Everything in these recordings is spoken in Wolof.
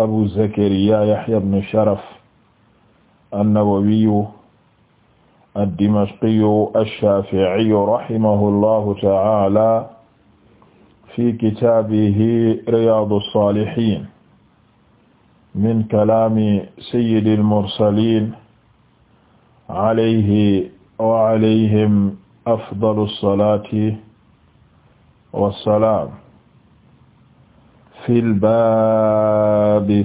abu zakariya yahya ibn sharaf annawawiyu addimashqiyu ash-shaafi'iyu rahimahullahu ta'ala fi kitaabihi riyaadu saalihiin min kalaami sayyidil mursaliin alayhi wa alayhim afdalu salaati wa salaam fil baabi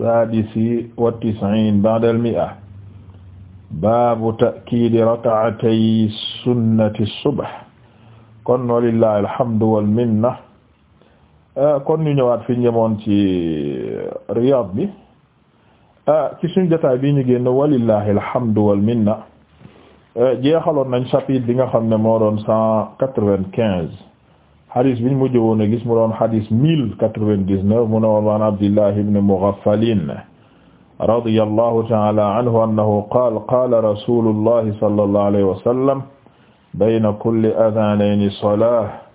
saadisi wa tis'iin ba'da al-mi'a baabu ta'kiidi rak'atay sunnati subh kon walillahi alhamdu wal eh, kon ñu ñëwaat fi ñemoon ci eh, Riyad bi eh, ci suñu jotaay bi ñu génn walillahi alhamdu wal minna jeexaloon nañ chapitre bi nga xam ne moo doon cent quatre-vingt-quinze xadis biñ mujj woon a gis mu doon xadis mille quatre-vingt-dix-neuf mu ne woon waan Abdullah ibn Mughaffalin radiyallahu ta'ala anhu annahu qaala qaala rasulullahi sallallahu alayhi wa sallam bayna kulli adhanayni salah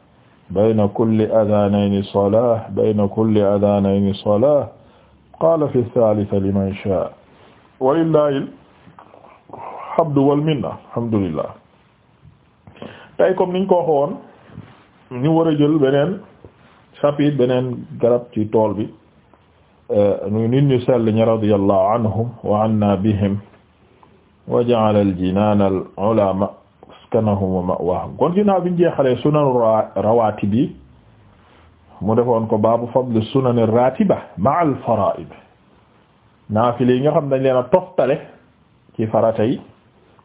bayna kulli adhanayni salah bayna kulli adhanayni salah qaala fi ath-thalitha liman sha'a walillahi alhamdu wal minna alhamdulillah tey comme niñ ko waxoon ñu war a jël beneen chapitre beneen garab ci tool bi ñu euh, nit ñu sell ñi radiyallahu anhum wa anna bihim wa ja'ala al-jinaan al-'ulaa maskanahum wa ma'waahum kon ginnaaw biñ jeexalee sunan rawaatib mu defoon ko baabu fadl sunan raatiba ma'a al-faraa'id naafile yi nga xam dañ leen a toftale ci farata yi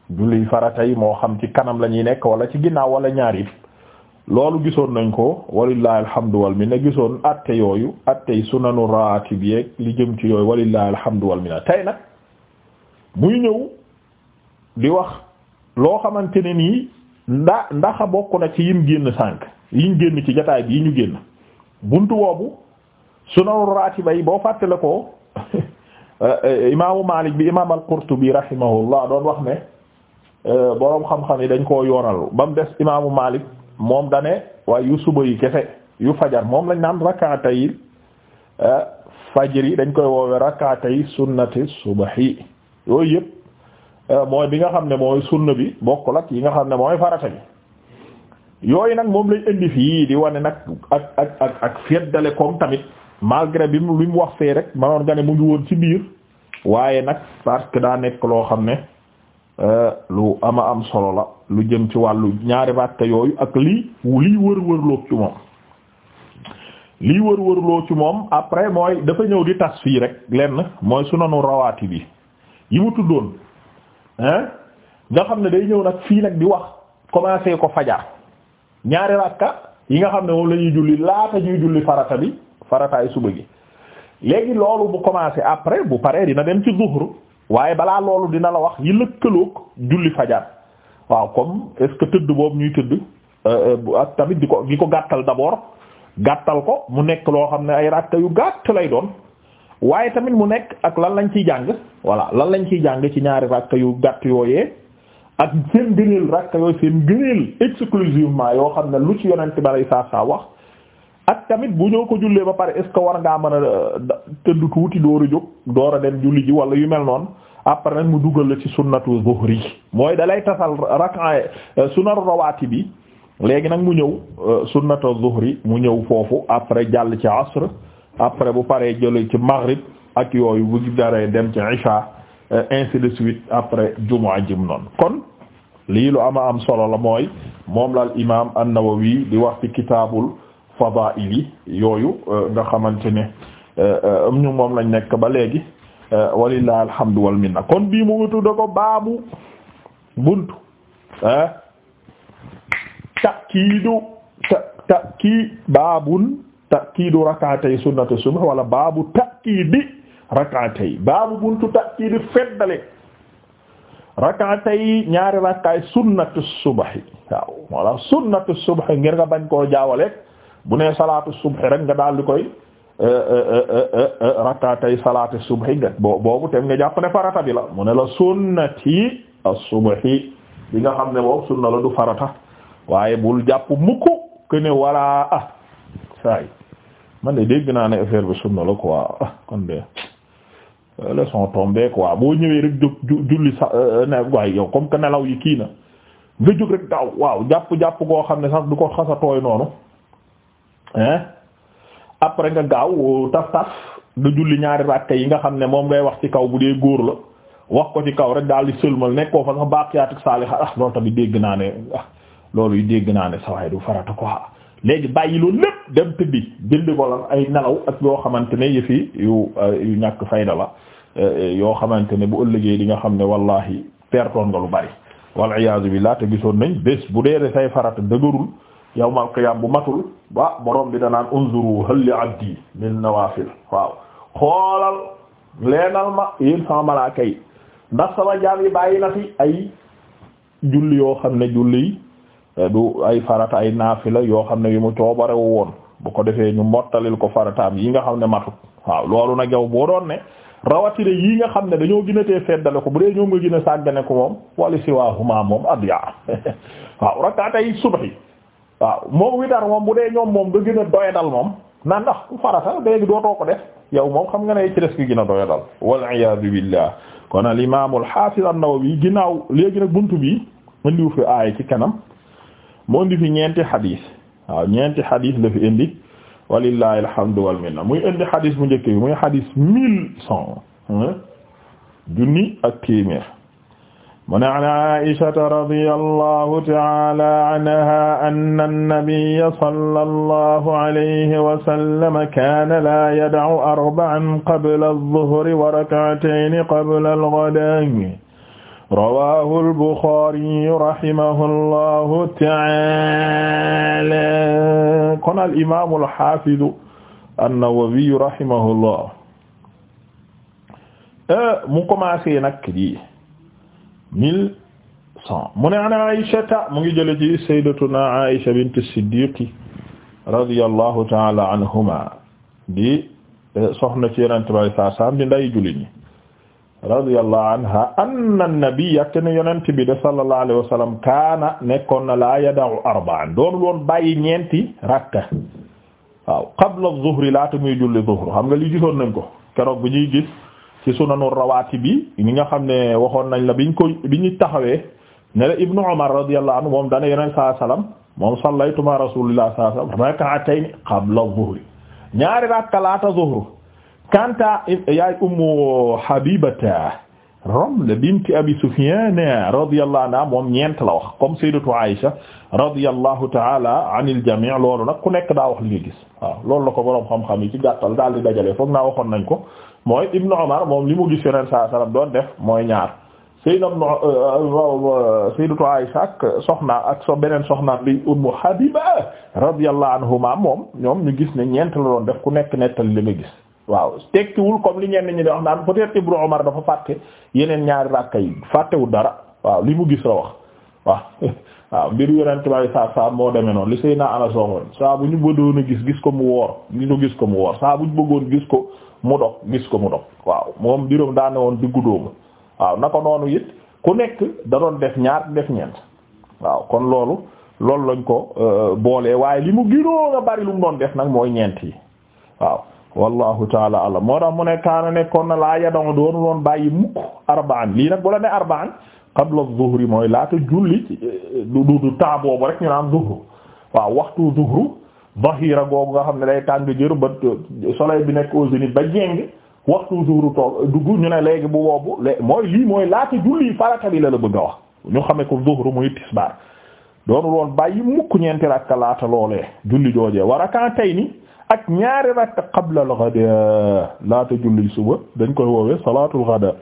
julli farata moo xam ci kanam la ñuy nekk wala ci ginnaaw wala ñaar loolu gisoon nañ ko walillahi alhamdu wal gisoon atte yooyu attey sunanu raatib yeeg li jëm ci yooyu walillahi alhamdu wal minna tey nag muy ñëw di wax loo xamante ne nii ndax ndaxa bokk na ci yim génn sànq yiñ génn ci jataay bi ñu génn buntu boobu sunanu raatiba yi boo fàttale ko euh, euh, imaamu Maalik bi imaam al-Qurtubi rahimahullah doon wax ne euh, boroom xam-xam yi dañ koo yoonal ba mu des imaamu Maalik moom dane waaye yu suba yi kefe yu fajar moom lañ naan rakatay eh, yi dañ koy woowe rakatay sunnati subahi yooyu yëpp eh, mooy bi nga xam ne mooy sunna bi bokk ak yi nga xam ne mooy farata bi yooyu nag moom lañ indi fii di wane nag ak ak ak ak feddale koom tamit malgré bi mu li mu wax fee rek manoon nga ne mu ngi woon ci biir waaye nag parce que daa nekk loo xam ne Euh, lu ama am solo la lu jëm ci wàllu ñaari ràkka yooyu ak lii lii wër-wërloo ci moom lii wër-wërloo ci moom après mooy dafa ñëw di tas fii rek lenn mooy sunanu rawaati bi yi mu tuddoon hein nga xam ne day ñëw nag fii nag di wax commencé ko fajar ñaari ràkka yi nga xam ne moom la ñuy julli laata ñuy julli farata bi farataay suba gi léegi loolu bu commencé après bu paree dina dem ci zuhru waaye balaa loolu dina la wax yi lëkkaloog julli fajar waaw comme est-ce que tëdd boobu ñuy tëdd euh, euh, ak tamit di ko di ko gàttal d'abord gàttal ko mu nekk loo xam ne ay rakka yu gàtt lay doon waaye tamit mu nekk ak lan lañ ciy jàng voilà lan lañ ciy jàng ci ñaari rakka yu gàtt yooyee ak seen gëneel rakka yooyu seen gëneel exclusivement yoo xam ne lu ci yonent balay saa saa wax ak tamit bu ñoo ko jullee ba pare est ce que war ngaa mën a euh, tëdd tuuti door a jóg door a dem ji wala yu mel noonu après nag mu dugal la ci sunnatu zuhri mooy dalay tasal rak'a euh, sunnaru rawaatib bi léegi nag mu ñëw euh, sunnatu zuhri mu ñëw foofu après jàll ci asr après bu paree jël ci maghrib ak yooyu bu daree dem ci isha euh, ainsi de suite après jumaa jim noon kon lii lu ama am solo la mooy moom la al imaam an di wax ci kitaabul fadaa'il yooyu nga xamante ne ñu moom lañ nekk ba léegi Eh, walillahi alhamdu wal minna kon bii mu ngi tudd ko baabu buntu ah takiidu ta takii baabun takiidu rak'atay sunnatu subh wala baabu takiidi rak'atay baabu buntu takiidi feddale rak'atay ñaari rakkaay sunnatu subhi waaw wala sunnatu subhi ngir nga bañ koo jaawale bu nee salaatu subhi rek nga daal koy Euh, euh, euh, rakkaatay salaati subhi nga boobu tem nga jàpp ne farata bi la mu ne la sunnati as-subhi bi nga xam ne boobu sunna la du farata waaye bul jàpp mukk ke ne wala ah saay man de dégg naa ne affaire bi sunna la quoi ah kon de leçon tombée quoi boo ñëwee rek julli sa ne waaye yow comme que nelaw yi kii na nga jóg rek daaw waaw jàpp jàpp goo xam ne sax du ko xasa tooy noonu hein après nga gaaw taf taf nga julli ñaari rakka yi nga xam ne moom ngay wax ci kaw bu dee góor la wax ko ci kaw rek daal di sëlmal nekkoo fa sax baaqiyaat ak saalihaat ah loolu tamit dégg naa ne ah loolu yi dégg naa ne sawaay du farata ko quoi léegi bàyyi loolu lépp dem tëddi jëndi ko la ay nelaw ak yoo xamante ne yëfi yu euh, yu ñàkk fayda la euh, yoo xamante ne bu ëllëgee di nga xam ne wallahi pertoon nga lu bari wal iyaazu billaah te gisoon nañ bés bu dee say yawmal qiyaam bu matul ba borom bi danaan unzuru hal li abdi min nawafil waaw xoolal leenal ma yéen sama malaaka yi ndax sama yi bàyyi na fi ay julli yoo xam ne julli eh, du ay farata ay naafila yoo xam ne yu mu coobarewu woon bu ko defee ñu mottalil ko farataam yi nga xam ne matut waaw loolu nag yow boo doon ne rawatina yi nga xam ne dañoo gën a tee feddale ko bu dee ñoom nga gën sàggane ko moom wali si waa huma moom adiya waaw rakkaatay subax yi waaw moom witar moom bu dee ñoom moom nga gën a doyadal moom naan ndax ku farata léegi dootoo ko def yow moom xam nga ne ci des ki gën a doyadal wal iyaadu billah kon al imaam al haafiz nawawi ginnaaw léegi nag buntu bi indiwu fi aaya ci kanam mu indi fi ñeenti xadiis waaw ñeenti xadiis la fi indi walillahi alhamdu wal minna muy indi xadiis bu njëkk bi muy xadiis mille cent hmm, junni ak téeméer mu ne an aishata radi allahu taala aanha ann annabia sala allahu alayhi wasallama kaane laa yadacu arbaan qabla alzuhri wa rakcataini qabla alghadaami rawahu albuxaariyu rahimahu allahu taala kon alimamu alxafidu annawawiyu rahimahu llah eh, mu commencé nag mille cent mu ne an Aysata mu ngi jële ci sayyidatuna Aysa bint Siddiqi radiyallahu taala anhuma di eh, soxna ci yenente bay sa sam di nday jullit ñi radiyallahu anha anna nabiyya te ne yonent bi de sallallahu alayhi wa sallam kaana nekkoon na laa yada'u arba'an doonul woon bàyyi ñeenti rakka waaw qabla zuhri laata muy julli zuhr xam nga li gisoon nañ ko keroog bu ñuy gis ci sunanu rawaati bi ñi nga xam ne waxoon nañ la biñ ko bi ñu taxawee ne la ibnu umar radiyallahu anhu moom dana yeneen saa salaam moom sallaytu ma rasulillah saa salaam rak'atayn qabla zuhri ñaari rakka laata zuhru kanta yaay ummu habibata Ramla binti abi Sufyan radiyallahu anha moom ñeent la wax comme sayyidatu Aïsha radiyallahu ta'ala anil jami' loolu nag ku nekk daa wax li nga gis waaw loolu la ko boroom xam-xam yi ci gàttal daal di dajale foog naa waxoon nañ ko mooy Ibnu Umar moom li mu gis Yonent sallallahu alayhi doon def mooy ñaar euh, Sayyidatu Aysa ak soxna ak so beneen soxna bi Ummu Habiba radiyallahu anhuma moom ñoom ñu gis ne ñeent la doon def ku nekk nettali li nga gis waaw tekkiwul comme li ñenn ñi di wax naan peut-être Ibnu Umar dafa fàtte yeneen ñaari ràkka yi fàttewul dara waaw li mu gis la wax waaw mbir yonent bay sa sa moo demee noonu li Seydina Anas waxoon saa bu ñu bëggoon a gis gis ko mu woor ñu ko gis ko mu woor saa bu ñu bëggoon gis ko mu dog gis ko mu dog waaw moom mbiram daa woon diggu dóomu waaw naka noonu it ku nekk da doon def ñaar def ñeent waaw kon loolu loolu lañ ko euh, boolee waaye li mu giroo a bari lum doon def nag mooy ñeent yi waaw wallahu taala alam moo tax mu ne kaana nekkoon na laa yadon doonu loon bàyyi mukk arbaan lii nag bu qabla zuhri mooy laata julli du du du temps boobu rek ñu naan zuhru waaw waxtu zuhru zahira googu nga xam ne day tàng jër ba soleil bi nekk au ba jeng waxtu zuhru toog dugg ñu ne léegi bu boobu lé mooy lii mooy laata julli farata bi la la wax ñu xamee ko zuhru muy tisbaar doonu loon bàyyi mukk ñeenti rakka laata loolee julli joojee wa rak'atayni ak ñaari rakka qabla al laata julli suba dañ koy woowee salaatul ghada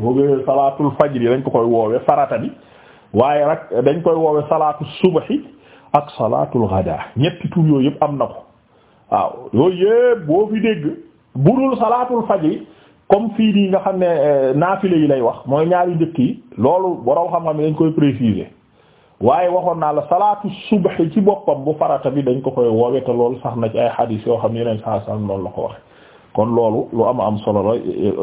boobu salaatul faj fajri dañ ko koy woowe farata bi waaye rek dañ koy woowe salaatu subaxi ak salaatul ghadaa ñetti tur yooyu yëpp am na ko waaw yooyu yëpp boo fi dégg budul salaatul fajri comme fii nii nga xam ne euh, naafile yi lay wax mooy ñaari njëkk yi loolu borom xam-xam dañ koy préciser waaye waxoon naa la salaatu subaxi ci boppam bu farata bi dañ ko koy woowe te loolu sax na ci ay xadiis yoo xam ne yeneen saa saa noonu la ko wax kon loolu lu am am solo la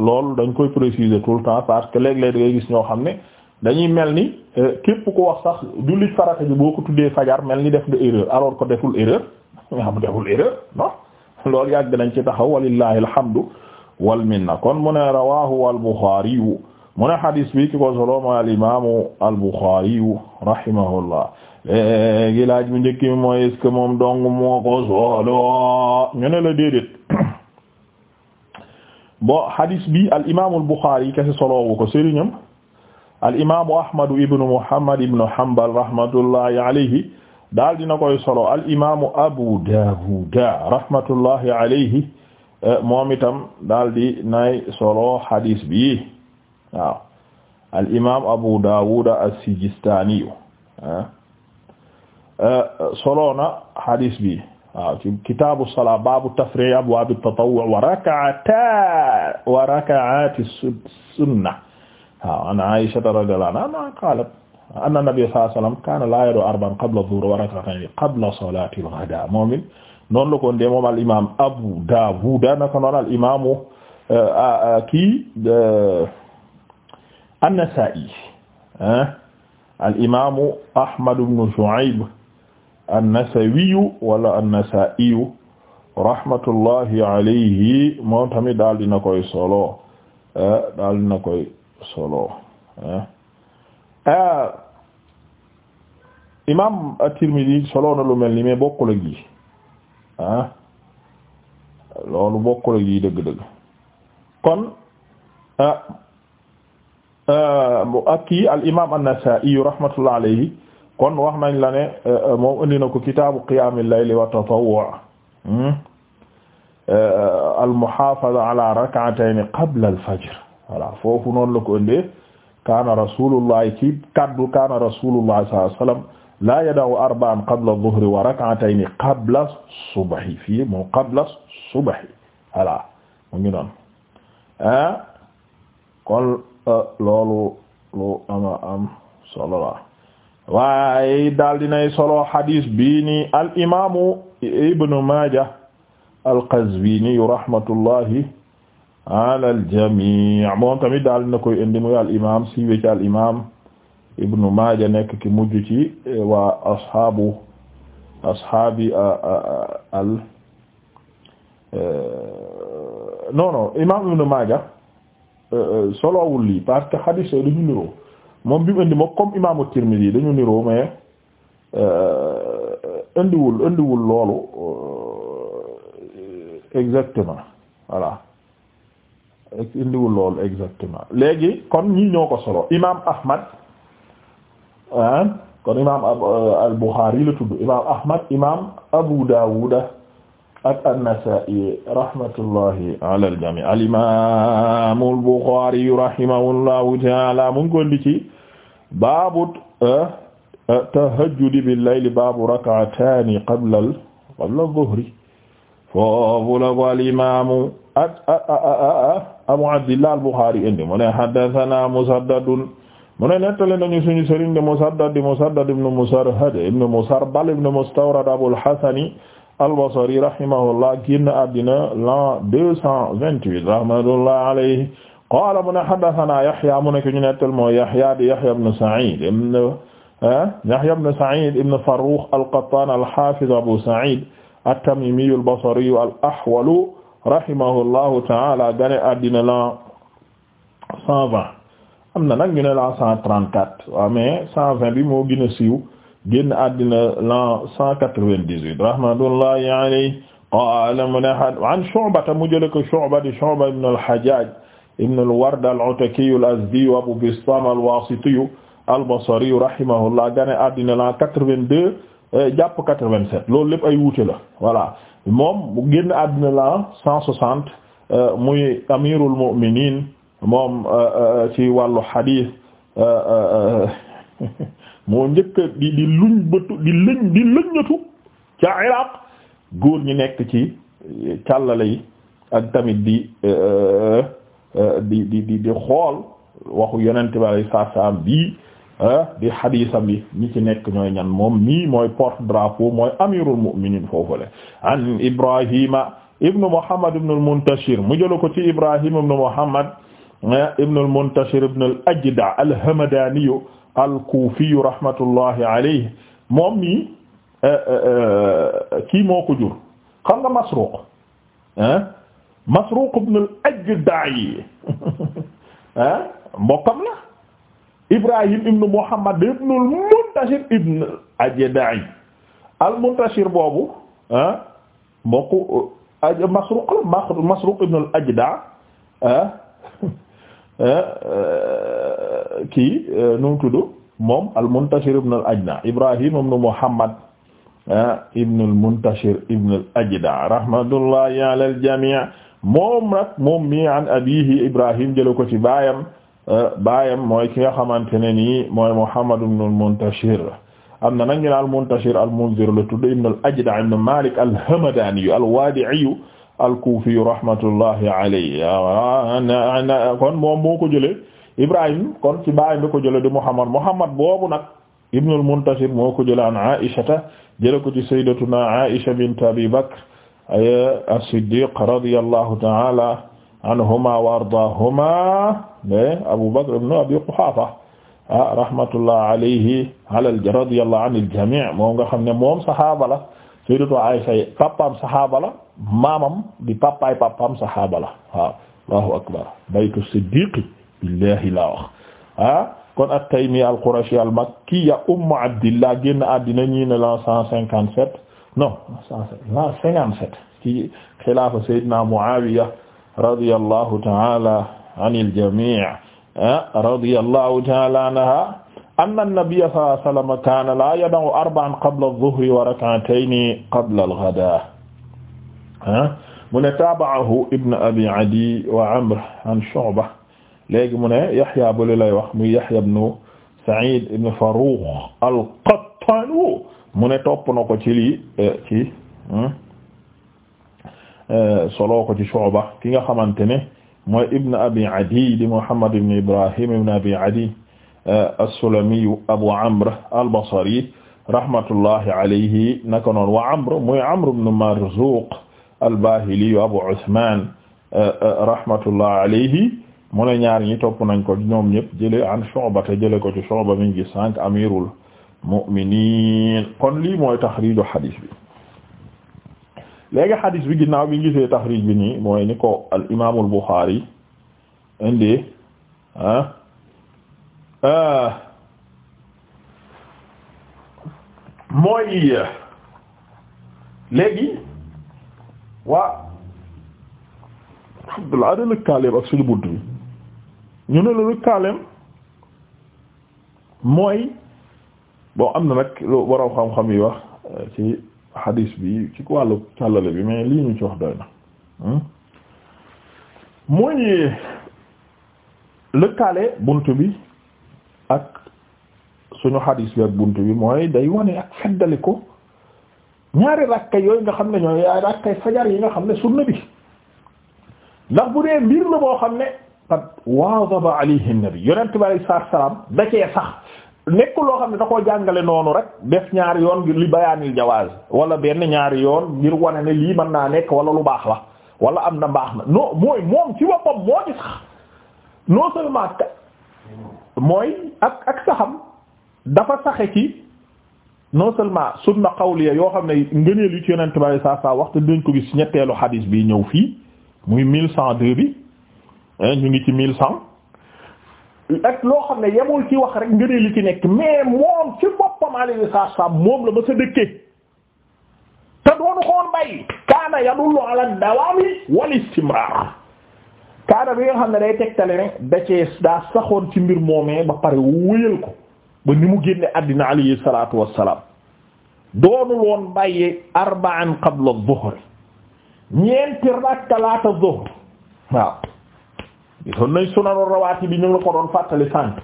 loolu dañ koy préciser tout le temps parce que léeg-léeg da ngay gis ñoo xam ne dañuy mel ni euh, képp ko wax sax jullit farata ji boo ko tuddee fajar mel ni def nga erreur alors que deful erreur nga am deful erreur loolu yàgg nañ ci taxaw walillahi alhamdu wal minna kon mu ne rawahu al Bukhari yu mu ne hadis bi ki ko solo mooy al rahimahullah léegi laaj bu njëkk mi mooy est moom dong moo ko solo ñu ne la déedéet bon hadis bi al imaamu al Buxaari kese soloowu ko sëriñam al Muhammad ibnu Hanbal rahmatullahi alayhi daal dina koy solo al imaamu Abu Daawuda rahmatullahi alayhi e, moom itam nay solo hadis bi waaw Abu Daawuda as-Sijistaaniyu e, e, solo na hadis bi. waaw ci kitaabu salaa baabu tafri' abwaab at-tatawwu' wa rak'ata wa rak'ati sunna waaw an Aisha radiyallahu anha qaalat anna nabiyya sallallahu alayhi wa sallam kaana laa yada'u arba'an qabla adh-dhuhri wa rak'atayn qabla salaati al-ghadaa moom it noonu la ko ndee moom al imaam Abu Daawud naka noonu al imaamu kii an-Nasaa'i al imaamu Ahmad ibn Shu'ayb an-Nasawiyu wala an-Nasaa'iyu rahmatullahi alayhi moom tamit daal dina koy solo eh, daal dina koy solo eh. Eh, imaam at-Tirmidhi solo na lu mel ni mais bokkul ak yi ah loolu bokkul ak yi dëgg-dëgg kon ak kii al imaam an-Nasaa'i rahmatullahi alayhi kon wax nañ la ne euh, euh, moom indi na ko kitaabu qiyaamil layli wa tatawwu' hmm? euh, al-muhaafaza ala rak'atayni qabla al-fajr voilà foofu noonu la ko indee kaana rasuulullahi ci kaddu kaana rasuulullahi sallallahu alayhi wa sallam laa yada'u arba'an qabla adh-dhuhri wa rak'atayni qabla subhi fii moom qabla subhi voilà mu ngi noonu ah kon loolu lu ama am solo la waaye daal dinay solo xadis bii nii al imaamu ibnu Maaja al-Qazwiini rahmatullahi ala al-jamii moom tamit daal dina koy indi muy al imaam siiwee ci al imaam ibnu Maaja nekk ki mujj ci eh, waa asxaabu asxaabi al eh, non non imaam ibnu Maaja eh, solowul lii parce que xadis yooyu dañu niroo moom bi mu indi moom comme imaamu Tirmidhi dañu niroo mais euh, indiwul indiwul loolu euh, exactement voilà indiwul loolu exactement léegi kon ñii ñoo ko solo imaam Ahmad ah kon imaam euh, al-Bukhari la tudd imaam Ahmad imaam Abu Dawud ak an i rahmatullahi al-jami' al-imaam al-Bukhari rahimahullahu ko indi ci. baabu eh, eh, tahajjudi bil layli baabu rak'ataani qabla qabla dhuhri foofu la ko al imaamu abu abdillah al buxaari indi mu ne haddasanaa musaddadun mu ne nettali nañu suñu sëriñ de musaddad di musaddad ibn musarhad ibn musarbal ibn mustawrad abul hasani al-basri rahimahullah génn àddina l'an deux cent vingt-huit rahmatullahi alayhi qaala mu ne haddasanaa Yahya mu ne ki ñu nettal mooy Yahya di Yahya ibn Sa'id ibn ah, Yahya ibn Sa'id ibn Farrukh al-Qattan al-Hafiz Abu Sa'id at-Tamimi al-Basri al-Ahwal rahimahullahu ta'ala gane addina la 120 am na nag ñu ne la 134 waaw mais 120 bi moo gën a siiw génn addina la 198 rahmatullahi alayhi qaala mu ne an Shu'ba mu jële ko Shu'ba di Shu'ba ibn al-Hajjaj ibn al-Ward al-Ataki al-Azdi Abu Bistam al-Wasiti al-Basri rahimahullah gane addina la 82 eh, jàpp 87 loolu lépp ay wuute la voilà moom génn addina la 160 eh, muy amirul mu'minin moom eh, ci wàllu hadith moo njëkk di di luñ bëtu di lëñ di lëññatu ca Iraq góor ñi nekk ci càllale yi ak tamit di. Euh, di di di di xool waxu yonent bi alayhi salaam bii euh, di xadiisam bi ñi ci nekk ñooy ñan moom mii mooy porte drapeau mooy amirul mu'minin foofule an ibrahima ibnu muhammad ibnu al-muntashir mu jëla ko ci ibrahima ibnu muhammad euh, ibnu al-muntashir ibnu al-ajda al-hamadaniyu al-kufiyu rahmatullahi alayhi moom mii kii moo ko jur xam nga masruq Masruq ibn al-Ajda'i ah mbokkam la Ibrahim ibn Muhammad ibn al-Muntashir ibn al-Ajda'i al-Muntashir boobu ah mbokku Masruq la Masruq ibn al-Ajda' ah kii euh, nu mu tudd moom al-Muntashir ibn al-Ajda' Ibrahim ibn Muhammad ibn al-Muntashir ibn al-Ajda' rahmatullahi ala al-jami' moom nag moom mi an abihi Ibrahim jëla ko ci baayam euh, baayam mooy ki nga xamante ne nii mooy Muhammad ibn al-Muntashir am na nag ñu ne al-Muntashir al-Munzir la tudd ibn al-Ajda' ibn Malik al-Hamadani al-Wadi'i al-Kufi rahmatullahi alayhi kon moom moo ko jëlee Ibrahim kon ci baayam la ko jëlee di Muhammad Muhammad boobu nag ibn al-Muntashir moo ko jëlee an Aisha jëla ko ci sayyidatuna Aisha bint Abi Bakr as-Siddiq radiyallahu ta'ala anhuma wa ardaahuma Abu Bakr ibn Abi Quhaafa rahmatullah alayhi alal radiyallahu anil jamii' moom nga xam ne moom saxaaba la sayyidatu Aysa papaam saxaaba la maamam di papaay papaam saxaaba la waaw Allahu akbar baytu siddiqi billahi laa wax ah kon at-Taymi al-Qurashi al-Makki ya Ummu Abdillah génn àddina ñii ne la 157 non la cinquante-sept ci xilaafa sayyidina Muawiya radiyallahu ta'ala anil jami' ah, radiyallahu ta'ala anha anna an-nabiyya sallallahu alayhi wa sallam kaana la yada'u arba'an qabla adh-dhuhri wa rak'atayni qabla al-ghadaa ah, mu ne taaba'ahu ibn abi adi wa amr an shu'ba léegi mu ne yaxya bu li lay wax muy yaxya ibn sa'id ibn faruux al-qattaanu mu ne topp na ko ci lii solo eh, hmm? eh, soloo ko ci Shu'ba ki nga xamante ne mooy Ibn Abi Adi di Muhammad ibn Ibrahim ibn Abi Adi eh, as-Sulami Abu Amr al-Basri rahmatullahi alayhi naka noon wa Amr muy Amr ibn Marzuq al-Bahili Abu Uthman rahmatullahi alayhi mu ne ñaar ñi topp nañ ko ñoom ñëpp jële an Shu'ba te jële ko ci Shu'ba min gi sànq amirul mu'miniin kon lii mooy taxriiju xadiis bi léegi xadiis bi ginnaaw bi gisee taxriij bi nii mooy ni ko al imaamul Buxaari indi ah, ah mooy léegi waa alhamdulillah ada lëkkaaleem ak suñu bunt bi ñu ne la lëkkaaleem mooy boo am na nag lu borom xam-xam yi wax euh, ci hadis bi ci wàllu càllale bi mais lii ñu ci wax doy na mooy hmm? lëkkaale bunt bi ak suñu hadis bi ak bunt bi mooy day wane ak feddali ko ñaari rakka yooyu nga xam ne ñooy yaay rakkay fajar yi nga xam ne sunna bi ndax bu dee mbir la boo xam ne qad waadaba alayhi nabi yonent bi alayhi salaam da sax nekk loo xam ne da koo jàngale noonu rek def ñaari yoon ngir li bayaanil jawaaz wala benn ñaari yoon ngir wone ne lii man naa nekk wala lu baax la wala am na mbaax na non mooy moom ci boppam moo ci sax non seulement ka mooy ak ak saxam dafa saxe ci non seulement sunna qawliya yoo xam ne ngëneel yu ci yonent bi saa saa waxtu dañ ko gis ñetteelu xadiis bi ñëw fii muy 1102 bi ñu ngi ci mille 1100. ak loo xam ne yemul ci wax rek ngënee li ci nekk mais moom ci boppam alayhi salaam moom la ba sa dëkkee te doonu xoon bay kaana yadullu ala dawaami wal istimrar kaana bi nga xam ne day tegtale ne da cee daa saxoon ci mbir moomee ba pare wéyal ko ba ni mu génne àddina alayhi salaatu wassalaam doonul woon bàyyi arba'an qabla dhuhr ñeenti rakka laata dhuhr waaw gisoon nañ sunanu rawaati bi ñu ngi la ko doon fàttali cinq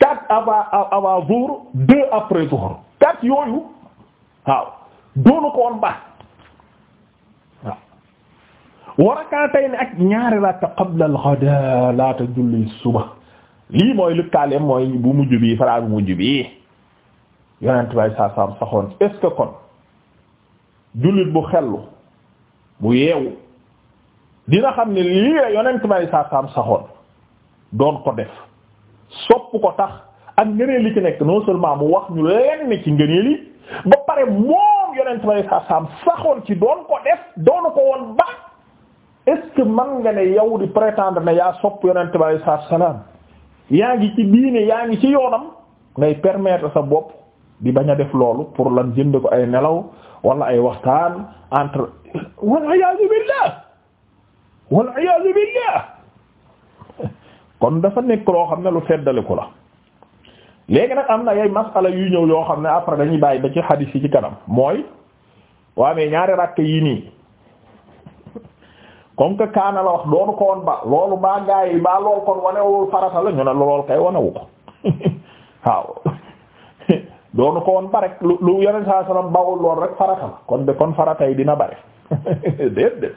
quatre avant avant zuhr deux après zuhr quatre yooyu waaw doonu ko baax waaw warakaatayni ak ñaari rakka qabla al-ghada laata julli suba lii mooy lëkkaaleem mooy bu mujj bii faraa bu mujj bii yonent bay saa saam saxoon est kon jullit bu xellu bu yeewu dina xam ne lii la yonent may saasaam saxoon doon ko def sopp ko tax ak ngëneel li ci nekk non seulement mu wax ñu lenn ci ngëneel yi ba pare moom yonent may saasaam saxoon ci doon ko def doonu ko woon ba est man nga ne yow di prétendre na yaa sopp yonent may saasaam yaa ngi ci diine yaa ngi ci yoonam ngay permettre sa bopp di bañ a def loolu pour lan jënd ko ay nelaw wala ay waxtaan entre wala yaa billah wal iyaazu billah kon dafa nekk loo xam ne lu feddaliku la léegi nag am na yay masala yuy ñëw yoo xam ne après dañuy bàyyi ba ci xadiis yi ci kanam mooy waa mais ñaari ràkk yi nii comme que kaana la wax doonu ko woon ba loolu baa gaa yi baa lool kon wanewul farata la ne lool kay wanewu ko waaw doonu ko woon ba rek lu lu yeneen saa salaam bawul lool rek farata la kon de kon farata yi dina bare déet déet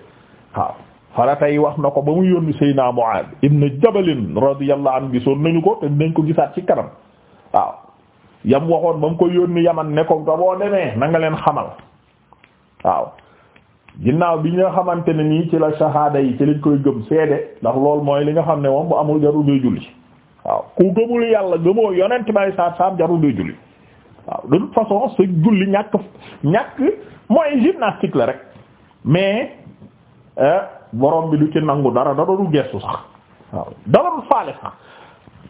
waaw faratay wax na ko ba mu yónni Seydina Muaad ibn Jabal radiyallahu anhu gisoon nañu ko te dinañ ko gisaat ci kanam waaw yam waxoon ba mu ko yónni Yaman ne ko da boo demee na leen xamal waaw ginnaaw bi nga xamante ne nii ci la shahada yi ci lañ koy gëm seede ndax loolu mooy li nga xam ne moom bu amul jarul doy julli waaw ku gëmul yàlla gëmoo yonent bay saat saam jarul doy julli waaw de toute façon sa julli ñàkk ñàkk mooy gymnastique la rek euh, borom bi du ci nangu dara da doon gestu sax waaw da doon faale sax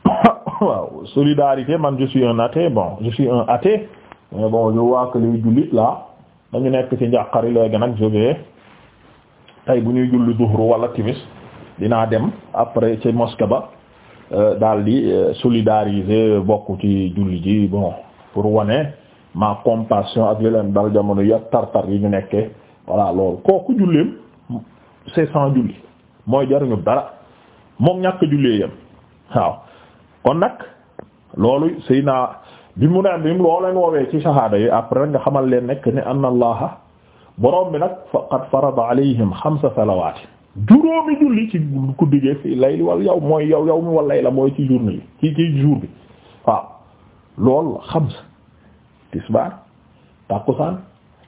waaw solidarité man je un athée bon je un athée mais bon je vois que jullit là dañu nekk ci njàqari léegi nag je vais tey bu ñuy julli duhru wala timis dinaa dem après ci mosquée ba euh, daal di euh, solidariser bokk ci julli ji bon pour wane ma compassion ak li leen dal jamono ya tartar yi ñu nekkee voilà loolu kooku julleem c'est sans julli mooy jaruñu dara moom ñàkk jullee yam waaw kon nag loolu sëy naa bi mu ne bi loo leen woowee ci sahaada yi après nga xamal leen nekk ne anna allaha borom bi nag faqad farada alayhim xamsa salawaati juróomi julli ci ku diggee fi layli yow mooy yow yow mi wal layla mooy ci journée bi ci ci jour bi waaw loolu xamsa tisbaar tàkkusaan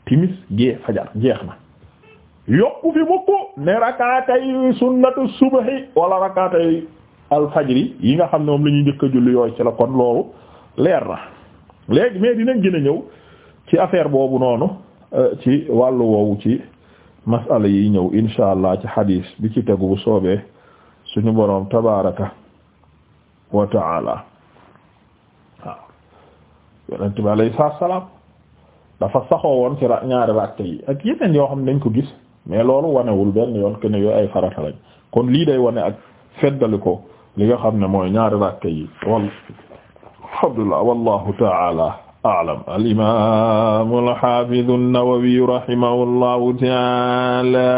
timis gée fajar jeex na yokk fi mukk ne rakaatay sunnatu subhi wala rakaatay alfajri yi nga xam ne moom lañuy ñuy njëkk a julli yooyu ci la kon loolu leer na léegi mais dinañ gën a ñëw ci affaire boobu noonu euh, ci wàll woowu ci masala yi ñëw insha allah ci xadiis bi ci tegu bu soobee suñu boroom tabaraka wa taala waaw yonent yi alayhi salaam dafa saxoo woon ci ñaari rakk yi ak yeneen yoo xam ne dañ ko gis mais loolu wanewul benn yoon que ne ay farata lañ kon lii day wane ak feddali ko li nga xam ne mooy ñaari rakka yi wal alhamdulillah wallahu taala a'lam al imam al hafiz an-Nawawi